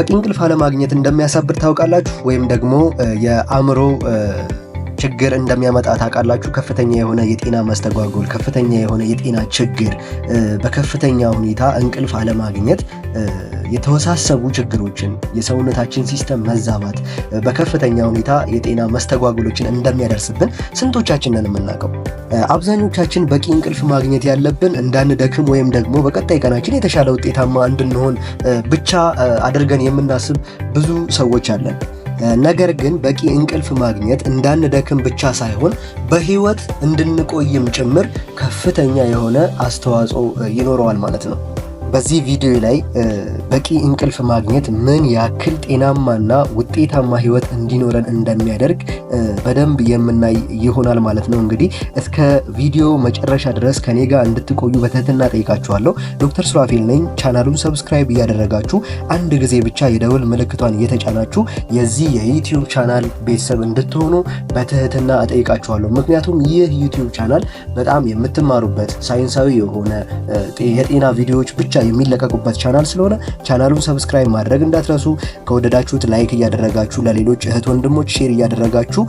በቂ እንቅልፍ አለማግኘት እንደሚያሳብር ታውቃላችሁ? ወይም ደግሞ የአእምሮ ችግር እንደሚያመጣ ታውቃላችሁ። ከፍተኛ የሆነ የጤና መስተጓጎል፣ ከፍተኛ የሆነ የጤና ችግር፣ በከፍተኛ ሁኔታ እንቅልፍ አለማግኘት፣ የተወሳሰቡ ችግሮችን፣ የሰውነታችን ሲስተም መዛባት በከፍተኛ ሁኔታ የጤና መስተጓጎሎችን እንደሚያደርስብን ስንቶቻችን ነን የምናውቀው? አብዛኞቻችን በቂ እንቅልፍ ማግኘት ያለብን እንዳንደክም ወይም ደግሞ በቀጣይ ቀናችን የተሻለ ውጤታማ እንድንሆን ብቻ አድርገን የምናስብ ብዙ ሰዎች አለን። ነገር ግን በቂ እንቅልፍ ማግኘት እንዳንደክም ብቻ ሳይሆን በህይወት እንድንቆይም ጭምር ከፍተኛ የሆነ አስተዋጽኦ ይኖረዋል ማለት ነው። በዚህ ቪዲዮ ላይ በቂ እንቅልፍ ማግኘት ምን ያክል ጤናማና ውጤታማ ህይወት እንዲኖረን እንደሚያደርግ በደንብ የምናይ ይሆናል ማለት ነው። እንግዲህ እስከ ቪዲዮ መጨረሻ ድረስ ከኔ ጋር እንድትቆዩ በትህትና ጠይቃችኋለሁ። ዶክተር ሱራፌል ነኝ። ቻናሉን ሰብስክራይብ እያደረጋችሁ አንድ ጊዜ ብቻ የደውል ምልክቷን እየተጫናችሁ የዚህ የዩትዩብ ቻናል ቤተሰብ እንድትሆኑ በትህትና እጠይቃችኋለሁ። ምክንያቱም ይህ ዩትዩብ ቻናል በጣም የምትማሩበት ሳይንሳዊ የሆነ የጤና ቪዲዮዎች ብቻ የሚለቀቁበት ቻናል ስለሆነ ቻናሉን ሰብስክራይብ ማድረግ እንዳትረሱ። ከወደዳችሁት ላይክ እያደረጋችሁ ለሌሎች እህት ወንድሞች ሼር እያደረጋችሁ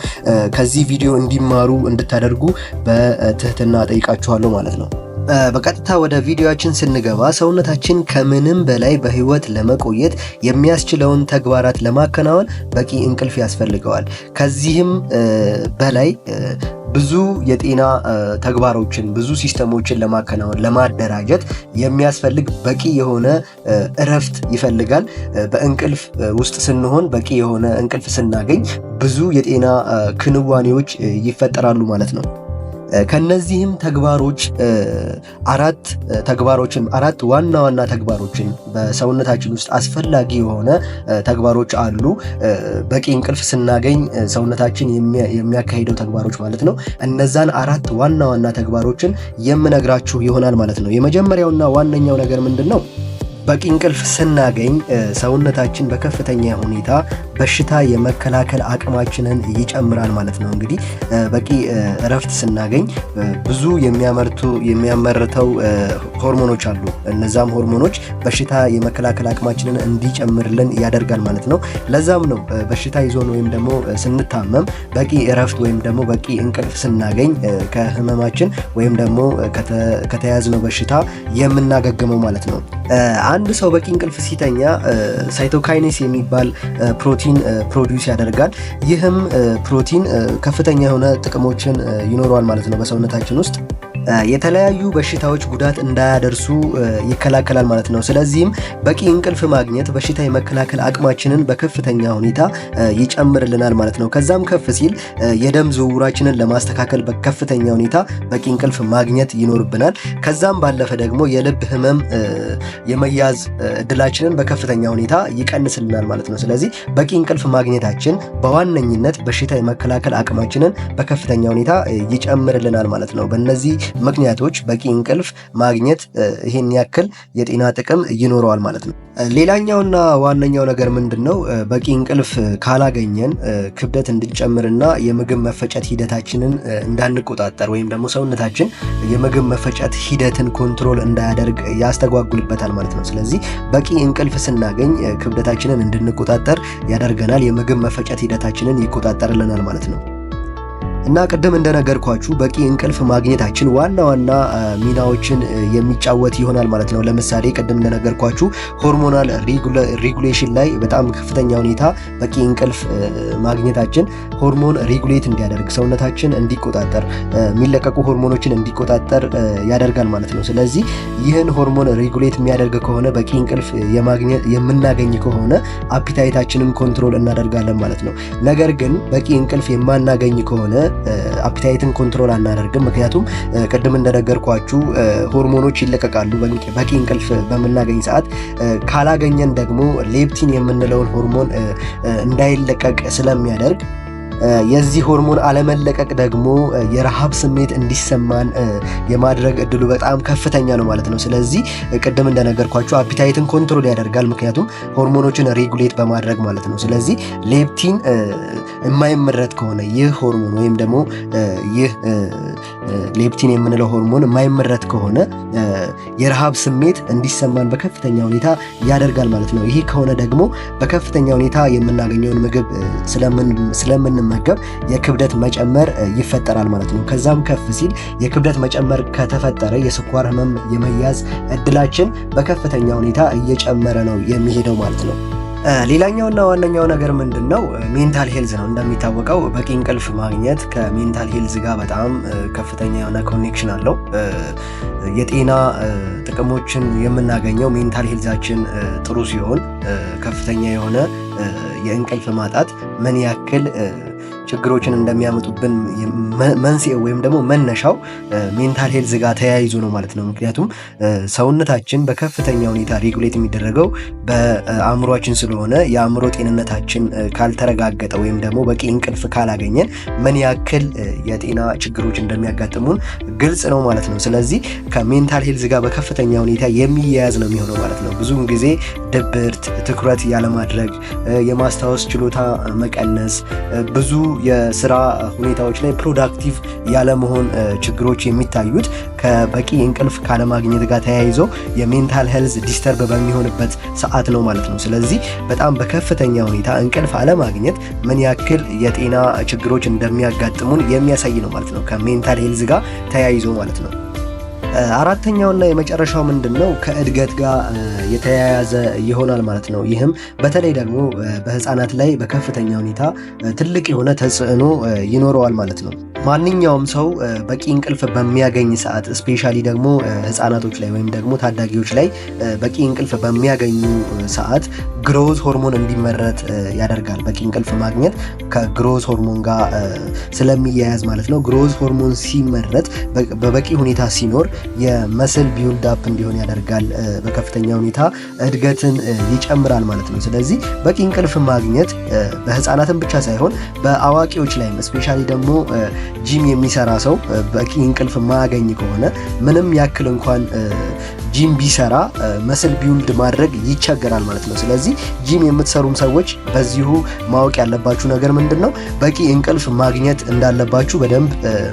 ከዚህ ቪዲዮ እንዲማሩ እንድታደርጉ በትህትና ጠይቃችኋለሁ ማለት ነው። በቀጥታ ወደ ቪዲዮችን ስንገባ ሰውነታችን ከምንም በላይ በህይወት ለመቆየት የሚያስችለውን ተግባራት ለማከናወን በቂ እንቅልፍ ያስፈልገዋል። ከዚህም በላይ ብዙ የጤና ተግባሮችን ብዙ ሲስተሞችን ለማከናወን ለማደራጀት የሚያስፈልግ በቂ የሆነ እረፍት ይፈልጋል። በእንቅልፍ ውስጥ ስንሆን በቂ የሆነ እንቅልፍ ስናገኝ ብዙ የጤና ክንዋኔዎች ይፈጠራሉ ማለት ነው። ከነዚህም ተግባሮች አራት ተግባሮችን አራት ዋና ዋና ተግባሮችን በሰውነታችን ውስጥ አስፈላጊ የሆነ ተግባሮች አሉ። በቂ እንቅልፍ ስናገኝ ሰውነታችን የሚያካሂደው ተግባሮች ማለት ነው። እነዛን አራት ዋና ዋና ተግባሮችን የምነግራችሁ ይሆናል ማለት ነው። የመጀመሪያውና ዋነኛው ነገር ምንድን ነው? በቂ እንቅልፍ ስናገኝ ሰውነታችን በከፍተኛ ሁኔታ በሽታ የመከላከል አቅማችንን ይጨምራል ማለት ነው። እንግዲህ በቂ እረፍት ስናገኝ ብዙ የሚያመርቱ የሚያመርተው ሆርሞኖች አሉ። እነዛም ሆርሞኖች በሽታ የመከላከል አቅማችንን እንዲጨምርልን ያደርጋል ማለት ነው። ለዛም ነው በሽታ ይዞን ወይም ደግሞ ስንታመም በቂ እረፍት ወይም ደግሞ በቂ እንቅልፍ ስናገኝ ከህመማችን ወይም ደግሞ ከተያዝነው በሽታ የምናገግመው ማለት ነው። አንድ ሰው በቂ እንቅልፍ ሲተኛ ሳይቶካይኔስ የሚባል ፕሮቲን ፕሮዲውስ ያደርጋል። ይህም ፕሮቲን ከፍተኛ የሆነ ጥቅሞችን ይኖረዋል ማለት ነው በሰውነታችን ውስጥ የተለያዩ በሽታዎች ጉዳት እንዳያደርሱ ይከላከላል ማለት ነው። ስለዚህም በቂ እንቅልፍ ማግኘት በሽታ የመከላከል አቅማችንን በከፍተኛ ሁኔታ ይጨምርልናል ማለት ነው። ከዛም ከፍ ሲል የደም ዝውውራችንን ለማስተካከል በከፍተኛ ሁኔታ በቂ እንቅልፍ ማግኘት ይኖርብናል። ከዛም ባለፈ ደግሞ የልብ ህመም የመያዝ እድላችንን በከፍተኛ ሁኔታ ይቀንስልናል ማለት ነው። ስለዚህ በቂ እንቅልፍ ማግኘታችን በዋነኝነት በሽታ የመከላከል አቅማችንን በከፍተኛ ሁኔታ ይጨምርልናል ማለት ነው። በእነዚህ ምክንያቶች በቂ እንቅልፍ ማግኘት ይሄን ያክል የጤና ጥቅም ይኖረዋል ማለት ነው። ሌላኛውና ዋነኛው ነገር ምንድን ነው? በቂ እንቅልፍ ካላገኘን ክብደት እንድንጨምርና የምግብ መፈጨት ሂደታችንን እንዳንቆጣጠር ወይም ደግሞ ሰውነታችን የምግብ መፈጨት ሂደትን ኮንትሮል እንዳያደርግ ያስተጓጉልበታል ማለት ነው። ስለዚህ በቂ እንቅልፍ ስናገኝ ክብደታችንን እንድንቆጣጠር ያደርገናል፣ የምግብ መፈጨት ሂደታችንን ይቆጣጠርልናል ማለት ነው። እና ቅድም እንደነገርኳችሁ በቂ እንቅልፍ ማግኘታችን ዋና ዋና ሚናዎችን የሚጫወት ይሆናል ማለት ነው። ለምሳሌ ቅድም እንደነገርኳችሁ ሆርሞናል ሬጉሌሽን ላይ በጣም ከፍተኛ ሁኔታ በቂ እንቅልፍ ማግኘታችን ሆርሞን ሬጉሌት እንዲያደርግ ሰውነታችን እንዲቆጣጠር የሚለቀቁ ሆርሞኖችን እንዲቆጣጠር ያደርጋል ማለት ነው። ስለዚህ ይህን ሆርሞን ሬጉሌት የሚያደርግ ከሆነ በቂ እንቅልፍ የምናገኝ ከሆነ አፒታይታችንን ኮንትሮል እናደርጋለን ማለት ነው። ነገር ግን በቂ እንቅልፍ የማናገኝ ከሆነ አፒታይትን ኮንትሮል አናደርግም። ምክንያቱም ቅድም እንደነገርኳችሁ ሆርሞኖች ይለቀቃሉ በቂ እንቅልፍ በምናገኝ ሰዓት። ካላገኘን ደግሞ ሌፕቲን የምንለውን ሆርሞን እንዳይለቀቅ ስለሚያደርግ የዚህ ሆርሞን አለመለቀቅ ደግሞ የረሃብ ስሜት እንዲሰማን የማድረግ እድሉ በጣም ከፍተኛ ነው ማለት ነው። ስለዚህ ቅድም እንደነገርኳችሁ አፒታይትን ኮንትሮል ያደርጋል፣ ምክንያቱም ሆርሞኖችን ሬጉሌት በማድረግ ማለት ነው። ስለዚህ ሌፕቲን የማይመረት ከሆነ ይህ ሆርሞን ወይም ደግሞ ይህ ሌፕቲን የምንለው ሆርሞን የማይመረት ከሆነ የረሃብ ስሜት እንዲሰማን በከፍተኛ ሁኔታ ያደርጋል ማለት ነው። ይህ ከሆነ ደግሞ በከፍተኛ ሁኔታ የምናገኘውን ምግብ ስለምን ስንመገብ የክብደት መጨመር ይፈጠራል ማለት ነው። ከዛም ከፍ ሲል የክብደት መጨመር ከተፈጠረ የስኳር ህመም የመያዝ እድላችን በከፍተኛ ሁኔታ እየጨመረ ነው የሚሄደው ማለት ነው። ሌላኛውና ዋነኛው ነገር ምንድን ነው? ሜንታል ሄልዝ ነው። እንደሚታወቀው በቂ እንቅልፍ ማግኘት ከሜንታል ሄልዝ ጋር በጣም ከፍተኛ የሆነ ኮኔክሽን አለው። የጤና ጥቅሞችን የምናገኘው ሜንታል ሄልዛችን ጥሩ ሲሆን ከፍተኛ የሆነ የእንቅልፍ ማጣት ምን ያክል ችግሮችን እንደሚያመጡብን መንስኤ ወይም ደግሞ መነሻው ሜንታል ሄልዝ ጋር ተያይዞ ነው ማለት ነው። ምክንያቱም ሰውነታችን በከፍተኛ ሁኔታ ሬጉሌት የሚደረገው በአእምሯችን ስለሆነ የአእምሮ ጤንነታችን ካልተረጋገጠ ወይም ደግሞ በቂ እንቅልፍ ካላገኘን ምን ያክል የጤና ችግሮች እንደሚያጋጥሙን ግልጽ ነው ማለት ነው። ስለዚህ ከሜንታል ሄልዝ ጋር በከፍተኛ ሁኔታ የሚያያዝ ነው የሚሆነው ማለት ነው። ብዙውን ጊዜ ድብርት፣ ትኩረት ያለማድረግ፣ የማስታወስ ችሎታ መቀነስ፣ ብዙ የስራ ሁኔታዎች ላይ ፕሮዳክቲቭ ያለመሆን ችግሮች የሚታዩት ከበቂ እንቅልፍ ካለማግኘት ጋር ተያይዞ የሜንታል ሄልዝ ዲስተርብ በሚሆንበት ሰዓት ነው ማለት ነው። ስለዚህ በጣም በከፍተኛ ሁኔታ እንቅልፍ አለማግኘት ምን ያክል የጤና ችግሮች እንደሚያጋጥሙን የሚያሳይ ነው ማለት ነው ከሜንታል ሄልዝ ጋር ተያይዞ ማለት ነው። አራተኛውና የመጨረሻው ምንድን ነው? ከእድገት ጋር የተያያዘ ይሆናል ማለት ነው። ይህም በተለይ ደግሞ በህፃናት ላይ በከፍተኛ ሁኔታ ትልቅ የሆነ ተጽዕኖ ይኖረዋል ማለት ነው። ማንኛውም ሰው በቂ እንቅልፍ በሚያገኝ ሰዓት ስፔሻሊ ደግሞ ህፃናቶች ላይ ወይም ደግሞ ታዳጊዎች ላይ በቂ እንቅልፍ በሚያገኙ ሰዓት ግሮዝ ሆርሞን እንዲመረት ያደርጋል። በቂ እንቅልፍ ማግኘት ከግሮዝ ሆርሞን ጋር ስለሚያያዝ ማለት ነው። ግሮዝ ሆርሞን ሲመረት በበቂ ሁኔታ ሲኖር የመስል ቢውልድ አፕ እንዲሆን ያደርጋል። በከፍተኛ ሁኔታ እድገትን ይጨምራል ማለት ነው። ስለዚህ በቂ እንቅልፍ ማግኘት በህፃናትም ብቻ ሳይሆን በአዋቂዎች ላይም ስፔሻሊ ደግሞ ጂም የሚሰራ ሰው በቂ እንቅልፍ ማያገኝ ከሆነ ምንም ያክል እንኳን ጂም ቢሰራ መስል ቢውልድ ማድረግ ይቸገራል ማለት ነው። ስለዚህ ጂም የምትሰሩም ሰዎች በዚሁ ማወቅ ያለባችሁ ነገር ምንድን ነው? በቂ እንቅልፍ ማግኘት እንዳለባችሁ በደንብ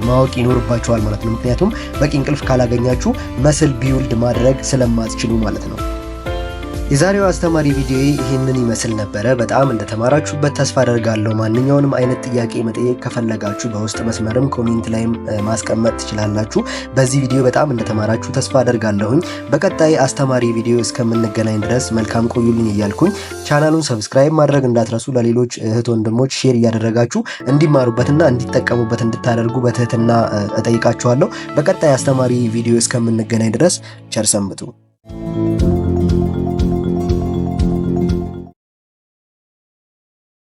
ማወቅ ይኖርባችኋል ማለት ነው። ምክንያቱም በቂ እንቅልፍ ካላገኛችሁ መስል ቢውልድ ማድረግ ስለማትችሉ ማለት ነው። የዛሬው አስተማሪ ቪዲዮ ይህንን ይመስል ነበረ። በጣም እንደተማራችሁበት ተስፋ አደርጋለሁ። ማንኛውንም አይነት ጥያቄ መጠየቅ ከፈለጋችሁ በውስጥ መስመርም ኮሜንት ላይም ማስቀመጥ ትችላላችሁ። በዚህ ቪዲዮ በጣም እንደተማራችሁ ተስፋ አደርጋለሁኝ። በቀጣይ አስተማሪ ቪዲዮ እስከምንገናኝ ድረስ መልካም ቆዩልኝ እያልኩኝ ቻናሉን ሰብስክራይብ ማድረግ እንዳትረሱ፣ ለሌሎች እህት ወንድሞች ሼር እያደረጋችሁ እንዲማሩበትና እንዲጠቀሙበት እንድታደርጉ በትህትና እጠይቃችኋለሁ። በቀጣይ አስተማሪ ቪዲዮ እስከምንገናኝ ድረስ ቸር ሰንብቱ።